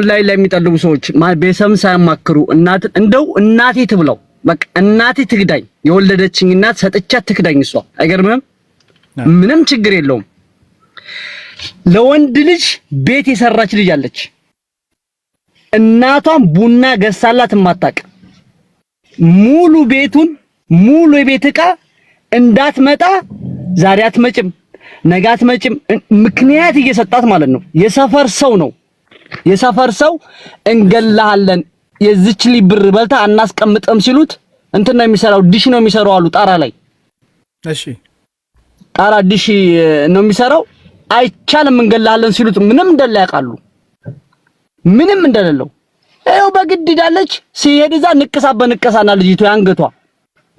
ሰው ላይ የሚጠልቡ ሰዎች ቤተሰብን ሳያማክሩ እናት እንደው እናቴ ትብለው በቃ እናቴ ትግዳኝ፣ የወለደችኝ እናት ሰጥቻት ትክዳኝ እሷ አይገርምም? ምንም ችግር የለውም። ለወንድ ልጅ ቤት የሰራች ልጅ አለች። እናቷን ቡና ገሳላት ማታቅ ሙሉ ቤቱን ሙሉ የቤት ዕቃ እንዳትመጣ ዛሬ አትመጭም፣ ነገ አትመጭም፣ ምክንያት እየሰጣት ማለት ነው። የሰፈር ሰው ነው የሰፈር ሰው እንገላሃለን፣ የዚች ሊ ብር በልታ አናስቀምጥም ሲሉት እንትን ነው የሚሰራው፣ ዲሽ ነው የሚሰራው አሉ ጣራ ላይ። እሺ ጣራ ዲሽ ነው የሚሰራው። አይቻልም እንገላሃለን ሲሉት ምንም እንደላ ያውቃሉ፣ ምንም እንደሌለው ይኸው በግድ ሄዳለች። ሲሄድ እዛ ንቅሳ በንቀሳና ልጅቷ አንገቷ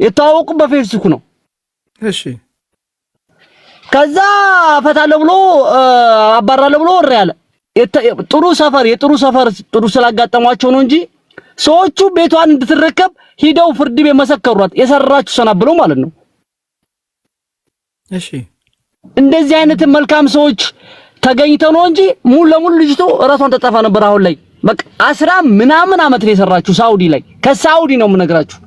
የተዋወቁ በፌስቡክ ነው። እሺ ከዛ ፈታለሁ ብሎ አባራለሁ ብሎ ወሬ ያለ ጥሩ ሰፈር የጥሩ ሰፈር ጥሩ ስላጋጠሟቸው ነው እንጂ ሰዎቹ ቤቷን እንድትረከብ ሂደው ፍርድ ቤት መሰከሯት። የሰራችሁ ሰና ብለው ማለት ነው። እሺ እንደዚህ አይነት መልካም ሰዎች ተገኝተው ነው እንጂ ሙሉ ለሙሉ ልጅቱ እራሷን ተጠፋ ነበር። አሁን ላይ በቃ አስራ ምናምን አመት ነው የሰራችሁ ሳውዲ ላይ። ከሳውዲ ነው የምነግራችሁ።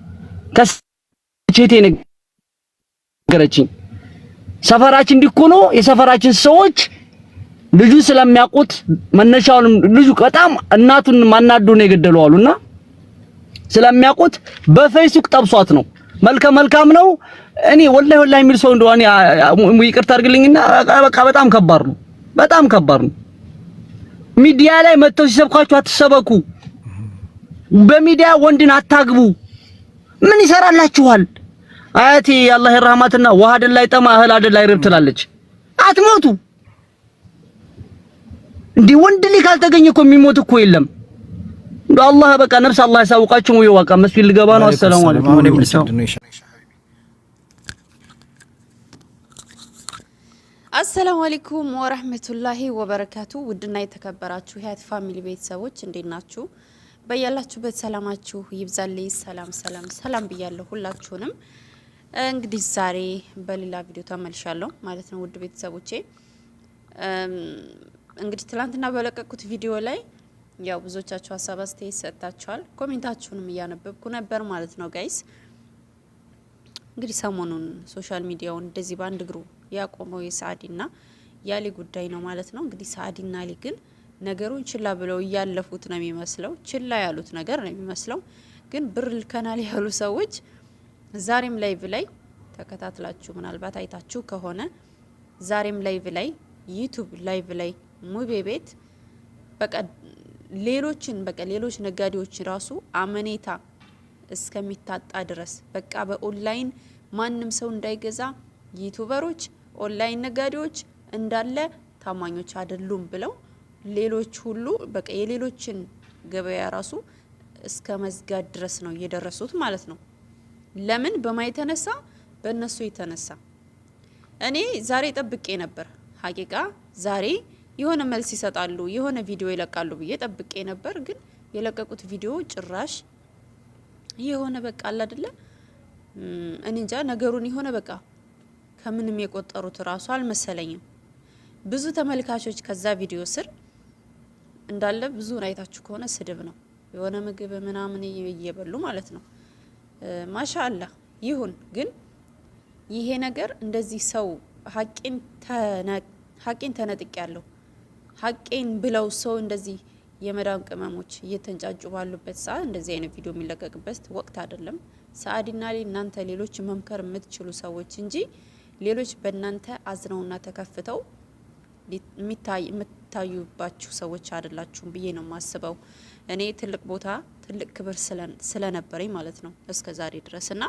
ከቼቴ ነገረችኝ። ሰፈራችን እንዲኮኖ የሰፈራችን ሰዎች ልጁ ስለሚያውቁት መነሻውን ልጁ በጣም እናቱን ማናዶ ነው የገደለው አሉና ስለሚያውቁት በፌስቡክ ጠብሷት ነው። መልከ መልካም ነው። እኔ ወላሂ ወላሂ የሚል ሰው እንደሆነ ይቅርታ አድርግልኝና በቃ በጣም ከባድ ነው። በጣም ከባድ ነው። ሚዲያ ላይ መጥተው ሲሰብኳችሁ አትሰበኩ። በሚዲያ ወንድን አታግቡ። ምን ይሰራላችኋል? አያቴ የአላህ ረህማትና ውሃ አይደል አይጠማ እህል አይደል አይርብ ትላለች። አትሞቱ እንዲ ወንድ ልጅ ካልተገኘ እኮ የሚሞት እኮ የለም። እንዶ አላህ በቃ ነፍስ አላህ ያሳውቃችሁ። ወይ ዋቃ መስጊድ ልገባ ነው። አሰላሙ አለይኩም። አሰላሙ አለይኩም ወራህመቱላሂ ወበረካቱ። ውድና የተከበራችሁ የሀያት ፋሚሊ ቤተሰቦች እንዴት ናችሁ? በያላችሁበት ሰላማችሁ ይብዛልኝ። ሰላም ሰላም ሰላም ብያለሁ ሁላችሁንም። እንግዲህ ዛሬ በሌላ ቪዲዮ ተመልሻለሁ ማለት ነው ውድ ቤተሰቦቼ እንግዲህ ትላንትና በለቀቁት ቪዲዮ ላይ ያው ብዙዎቻችሁ ሀሳብ አስተያየት ሰጥታችኋል። ኮሜንታችሁንም እያነበብኩ ነበር ማለት ነው ጋይስ። እንግዲህ ሰሞኑን ሶሻል ሚዲያውን እንደዚህ በአንድ እግሩ ያቆመው የሳዕዲና የአሊ ጉዳይ ነው ማለት ነው። እንግዲህ ሳዕዲና አሊ ግን ነገሩን ችላ ብለው እያለፉት ነው የሚመስለው። ችላ ያሉት ነገር ነው የሚመስለው። ግን ብር ልከናል ያሉ ሰዎች ዛሬም ላይቭ ላይ ተከታትላችሁ ምናልባት አይታችሁ ከሆነ ዛሬም ላይቭ ላይ ዩቱብ ላይቭ ላይ ሙቤ ቤት በቃ ሌሎችን በቃ ሌሎች ነጋዴዎች ራሱ አመኔታ እስከሚታጣ ድረስ በቃ በኦንላይን ማንም ሰው እንዳይገዛ ዩቱበሮች፣ ኦንላይን ነጋዴዎች እንዳለ ታማኞች አይደሉም ብለው ሌሎች ሁሉ በቃ የሌሎችን ገበያ ራሱ እስከ መዝጋት ድረስ ነው እየደረሱት ማለት ነው። ለምን በማ የተነሳ በእነሱ የተነሳ እኔ ዛሬ ጠብቄ ነበር ሀቂቃ ዛሬ የሆነ መልስ ይሰጣሉ፣ የሆነ ቪዲዮ ይለቃሉ ብዬ ጠብቄ ነበር። ግን የለቀቁት ቪዲዮ ጭራሽ የሆነ በቃ አለ አይደለ እኔ እንጃ ነገሩን የሆነ በቃ ከምንም የቆጠሩት እራሱ አልመሰለኝም። ብዙ ተመልካቾች ከዛ ቪዲዮ ስር እንዳለ ብዙውን አይታችሁ ከሆነ ስድብ ነው የሆነ ምግብ ምናምን እየበሉ ማለት ነው። ማሻአላህ ይሁን። ግን ይሄ ነገር እንደዚህ ሰው ሀቂን ተነጥቅ ያለው ሀቄን ብለው ሰው እንደዚህ የመዳም ቅመሞች እየተንጫጩ ባሉበት ሰዓት እንደዚህ አይነት ቪዲዮ የሚለቀቅበት ወቅት አይደለም። ሰአዲና እናንተ ሌሎች መምከር የምትችሉ ሰዎች እንጂ ሌሎች በእናንተ አዝነውና ተከፍተው የምታዩባችሁ ሰዎች አይደላችሁም ብዬ ነው የማስበው። እኔ ትልቅ ቦታ ትልቅ ክብር ስለነበረኝ ማለት ነው እስከ ዛሬ ድረስ እና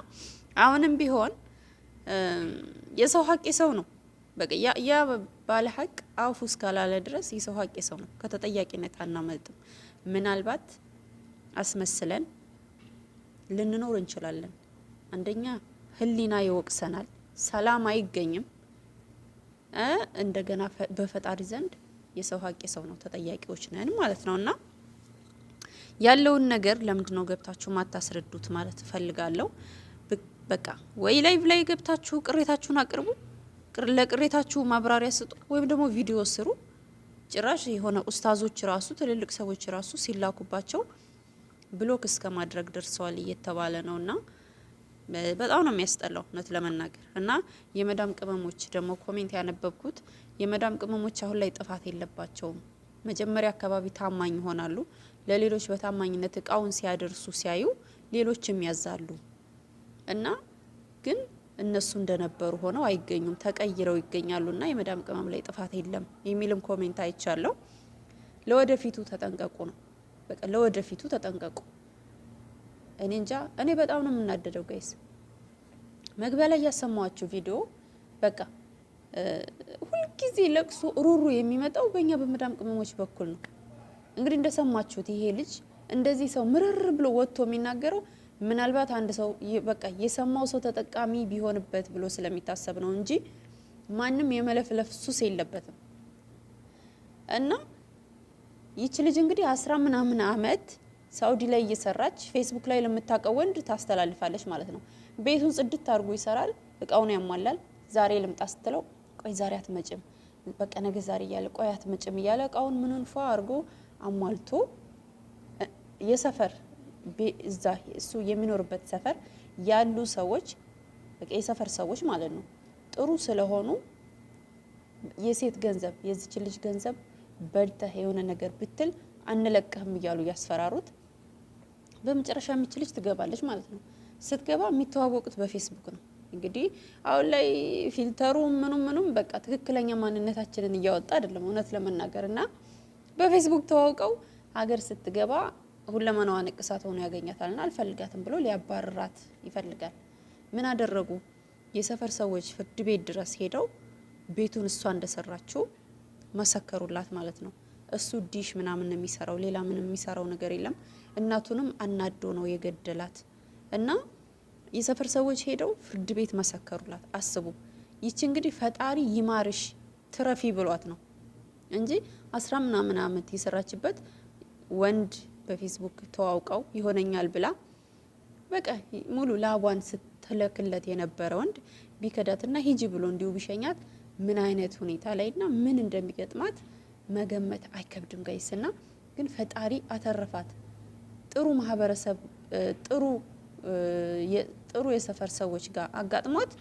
አሁንም ቢሆን የሰው ሀቅ የሰው ነው በቃ ያ ባለ ሀቅ አፉ እስካላለ ድረስ የሰው ሀቅ የሰው ነው። ከተጠያቂነት አናመልጥም። ምናልባት አስመስለን ልንኖር እንችላለን። አንደኛ ህሊና ይወቅሰናል፣ ሰላም አይገኝም። እንደገና በፈጣሪ ዘንድ የሰው ሀቅ የሰው ነው፣ ተጠያቂዎች ነን ማለት ነው እና ያለውን ነገር ለምንድነው ገብታችሁ ማታስረዱት ማለት እፈልጋለሁ። በቃ ወይ ላይቭ ላይ ገብታችሁ ቅሬታችሁን አቅርቡ ለቅሬታችሁ ማብራሪያ ስጡ ወይም ደግሞ ቪዲዮ ስሩ። ጭራሽ የሆነ ኡስታዞች ራሱ ትልልቅ ሰዎች ራሱ ሲላኩባቸው ብሎክ እስከ ማድረግ ደርሰዋል እየተባለ ነው እና በጣም ነው የሚያስጠላው እውነት ለመናገር እና የመዳም ቅመሞች ደግሞ ኮሜንት ያነበብኩት የመዳም ቅመሞች አሁን ላይ ጥፋት የለባቸውም። መጀመሪያ አካባቢ ታማኝ ይሆናሉ። ለሌሎች በታማኝነት እቃውን ሲያደርሱ ሲያዩ ሌሎችም ያዛሉ እና ግን እነሱ እንደነበሩ ሆነው አይገኙም፣ ተቀይረው ይገኛሉና የመዳም ቅመም ላይ ጥፋት የለም የሚልም ኮሜንት አይቻለሁ። ለወደፊቱ ተጠንቀቁ ነው በቃ ለወደፊቱ ተጠንቀቁ። እኔ እንጃ እኔ በጣም ነው የምናደደው ጋይስ። መግቢያ ላይ ያሰማዋችሁ ቪዲዮ በቃ ሁልጊዜ ለቅሶ ሩሩ የሚመጣው በእኛ በመዳም ቅመሞች በኩል ነው። እንግዲህ እንደሰማችሁት ይሄ ልጅ እንደዚህ ሰው ምርር ብሎ ወጥቶ የሚናገረው ምናልባት አንድ ሰው በቃ የሰማው ሰው ተጠቃሚ ቢሆንበት ብሎ ስለሚታሰብ ነው እንጂ ማንም የመለፍለፍ ሱስ የለበትም። እና ይች ልጅ እንግዲህ አስራ ምናምን አመት ሳውዲ ላይ እየሰራች ፌስቡክ ላይ ለምታውቀው ወንድ ታስተላልፋለች ማለት ነው። ቤቱን ጽድት አድርጎ ይሰራል፣ እቃውን ያሟላል። ዛሬ ልምጣ ስትለው ቆይ ዛሬ አትመጭም፣ በቃ ነገ ዛሬ እያለ ቆይ አትመጭም እያለ እቃውን ምንን አርጎ አድርጎ አሟልቶ የሰፈር እዛ እሱ የሚኖርበት ሰፈር ያሉ ሰዎች በቃ የሰፈር ሰዎች ማለት ነው ጥሩ ስለሆኑ የሴት ገንዘብ የዚች ልጅ ገንዘብ በልተህ የሆነ ነገር ብትል አንለቀህም እያሉ ያስፈራሩት። በመጨረሻ የምች ልጅ ትገባለች ማለት ነው። ስትገባ የሚተዋወቁት በፌስቡክ ነው። እንግዲህ አሁን ላይ ፊልተሩ ምኑም ምኑም በቃ ትክክለኛ ማንነታችንን እያወጣ አይደለም እውነት ለመናገር እና በፌስቡክ ተዋውቀው ሀገር ስትገባ ሁለመናዋ ንቅሳት ሆኖ ያገኛታልና አልፈልጋትም ብሎ ሊያባርራት ይፈልጋል። ምን አደረጉ? የሰፈር ሰዎች ፍርድ ቤት ድረስ ሄደው ቤቱን እሷ እንደሰራችው መሰከሩላት ማለት ነው። እሱ ዲሽ ምናምን ነው የሚሰራው፣ ሌላ ምንም የሚሰራው ነገር የለም። እናቱንም አናዶ ነው የገደላት እና የሰፈር ሰዎች ሄደው ፍርድ ቤት መሰከሩላት። አስቡ። ይቺ እንግዲህ ፈጣሪ ይማርሽ ትረፊ ብሏት ነው እንጂ አስራ ምናምን አመት የሰራችበት ወንድ በፌስቡክ ተዋውቀው ይሆነኛል ብላ በቃ ሙሉ ላቧን ስትለክለት የነበረ ወንድ ቢከዳትና ሂጂ ብሎ እንዲሁ ቢሸኛት ምን አይነት ሁኔታ ላይና ምን እንደሚገጥማት መገመት አይከብድም ጋይስና ግን ፈጣሪ አተረፋት። ጥሩ ማህበረሰብ ጥሩ ጥሩ የሰፈር ሰዎች ጋር አጋጥሟት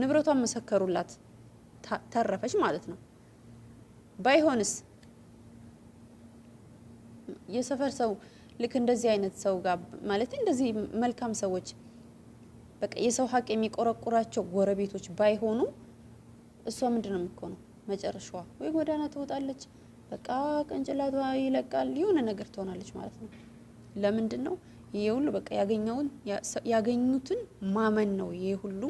ንብረቷን መሰከሩላት፣ ተረፈች ማለት ነው። ባይሆንስ የሰፈር ሰው ልክ እንደዚህ አይነት ሰው ጋር ማለት እንደዚህ መልካም ሰዎች በቃ የሰው ሀቅ የሚቆረቁራቸው ጎረቤቶች ባይሆኑ እሷ ምንድን ነው የምትሆነው? መጨረሻዋ ወይ ጎዳና ትወጣለች፣ በቃ ቅንጭላቷ ይለቃል፣ የሆነ ነገር ትሆናለች ማለት ነው። ለምንድን ነው ይሄ ሁሉ? በቃ ያገኘውን ያገኙትን ማመን ነው ይሄ ሁሉ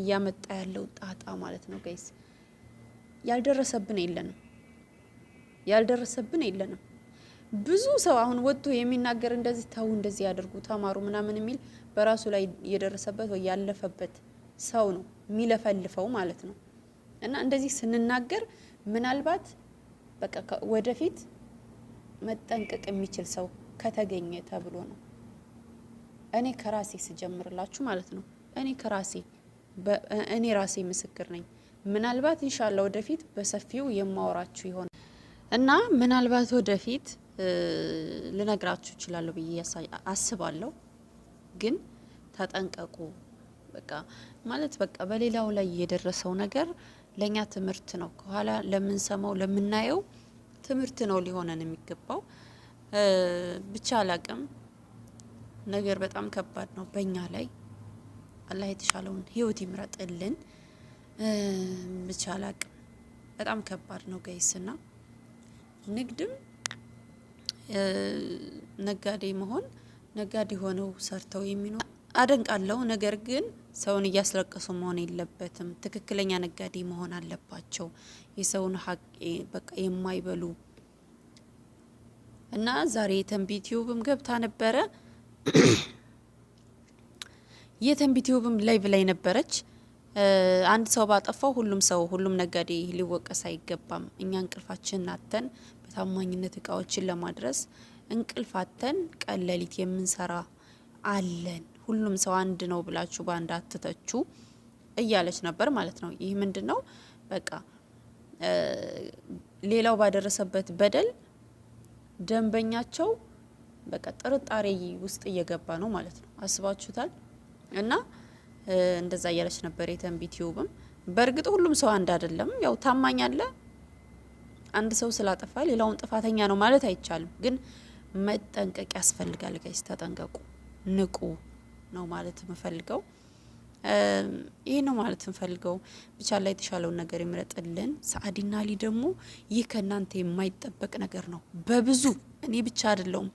እያመጣ ያለው ጣጣ ማለት ነው። ጋይስ ያልደረሰብን የለንም፣ ያልደረሰብን የለንም። ብዙ ሰው አሁን ወጥቶ የሚናገር እንደዚህ ተው፣ እንደዚህ ያደርጉ፣ ተማሩ ምናምን የሚል በራሱ ላይ የደረሰበት ወይ ያለፈበት ሰው ነው የሚለፈልፈው ማለት ነው። እና እንደዚህ ስንናገር ምናልባት በቃ ወደፊት መጠንቀቅ የሚችል ሰው ከተገኘ ተብሎ ነው። እኔ ከራሴ ስጀምርላችሁ ማለት ነው። እኔ ከራሴ እኔ ራሴ ምስክር ነኝ። ምናልባት እንሻላ ወደፊት በሰፊው የማወራችሁ ይሆናል እና ምናልባት ወደፊት ልነግራችሁ እችላለሁ ብዬ አስባለሁ። ግን ተጠንቀቁ። በቃ ማለት በቃ በሌላው ላይ የደረሰው ነገር ለእኛ ትምህርት ነው። ከኋላ ለምንሰማው ለምናየው ትምህርት ነው ሊሆነን የሚገባው። ብቻ አላቅም ነገር በጣም ከባድ ነው በእኛ ላይ። አላህ የተሻለውን ህይወት ይምረጥልን። ብቻ አላቅም በጣም ከባድ ነው ገይስና ንግድም ነጋዴ መሆን ነጋዴ ሆነው ሰርተው የሚኖር አደንቃለሁ። ነገር ግን ሰውን እያስለቀሱ መሆን የለበትም። ትክክለኛ ነጋዴ መሆን አለባቸው። የሰውን ሀቅ በቃ የማይበሉ እና ዛሬ የተንቢ ገብታ ነበረ። የተንቢ ላይቭ ላይ ነበረች። አንድ ሰው ባጠፋው ሁሉም ሰው ሁሉም ነጋዴ ሊወቀስ አይገባም። እኛ እንቅልፋችን ናተን ታማኝነት እቃዎችን ለማድረስ እንቅልፋተን ቀለሊት የምንሰራ አለን። ሁሉም ሰው አንድ ነው ብላችሁ በአንድ አትተቹ እያለች ነበር ማለት ነው። ይህ ምንድን ነው? በቃ ሌላው ባደረሰበት በደል ደንበኛቸው በቃ ጥርጣሬ ውስጥ እየገባ ነው ማለት ነው። አስባችሁታል? እና እንደዛ እያለች ነበር የተንቢት ቲዩብም። በእርግጥ ሁሉም ሰው አንድ አይደለም። ያው ታማኝ አለ አንድ ሰው ስላጠፋ ሌላውን ጥፋተኛ ነው ማለት አይቻልም። ግን መጠንቀቅ ያስፈልጋል። ጋይስ ተጠንቀቁ፣ ንቁ ነው ማለት የምፈልገው። ይህ ነው ማለት የምፈልገው። ብቻ ላይ የተሻለውን ነገር ይምረጥልን። ሰአዲና ሊ ደግሞ ይህ ከእናንተ የማይጠበቅ ነገር ነው። በብዙ እኔ ብቻ አይደለውም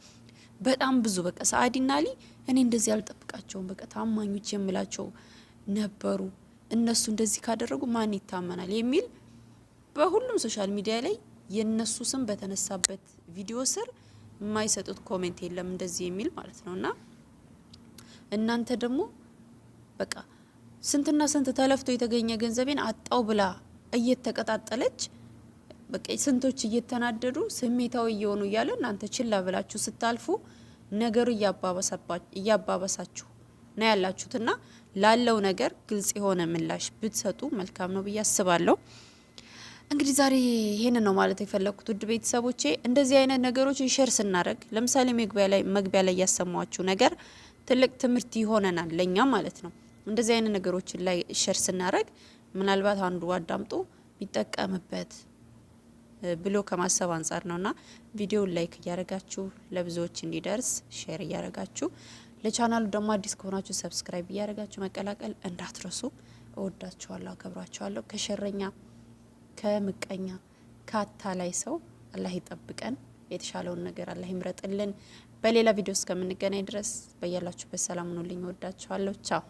በጣም ብዙ በቃ ሰአዲና ሊ እኔ እንደዚህ አልጠብቃቸውም። በቃ ታማኞች የምላቸው ነበሩ። እነሱ እንደዚህ ካደረጉ ማን ይታመናል የሚል በሁሉም ሶሻል ሚዲያ ላይ የነሱ ስም በተነሳበት ቪዲዮ ስር የማይሰጡት ኮሜንት የለም እንደዚህ የሚል ማለት ነው። እና እናንተ ደግሞ በቃ ስንትና ስንት ተለፍቶ የተገኘ ገንዘቤን አጣው ብላ እየተቀጣጠለች በቃ ስንቶች እየተናደዱ ስሜታዊ እየሆኑ እያለ እናንተ ችላ ብላችሁ ስታልፉ ነገሩ እያባባሳችሁ ነው ያላችሁትና ላለው ነገር ግልጽ የሆነ ምላሽ ብትሰጡ መልካም ነው ብዬ አስባለሁ። እንግዲህ ዛሬ ይሄንን ነው ማለት የፈለግኩት ውድ ቤተሰቦቼ። እንደዚህ አይነት ነገሮችን ሼር ስናደርግ ለምሳሌ መግቢያ ላይ ያሰማችሁ ነገር ትልቅ ትምህርት ይሆነናል ለእኛ ማለት ነው። እንደዚህ አይነት ነገሮችን ላይ ሼር ስናደርግ ምናልባት አንዱ አዳምጦ ቢጠቀምበት ብሎ ከማሰብ አንጻር ነውና ቪዲዮን ላይክ እያደረጋችሁ ለብዙዎች እንዲደርስ ሼር እያደረጋችሁ ለቻናሉ ደግሞ አዲስ ከሆናችሁ ሰብስክራይብ እያደረጋችሁ መቀላቀል እንዳትረሱ። እወዳችኋለሁ፣ አከብራችኋለሁ ከሸረኛ ከምቀኛ ላይ ሰው አላህ ይጠብቀን። የተሻለውን ነገር አላህ ይምረጥልን። በሌላ ቪዲዮ እስከምንገናኝ ድረስ በያላችሁበት ሰላም ሁኑልኝ። ወዳችኋለሁ። ቻው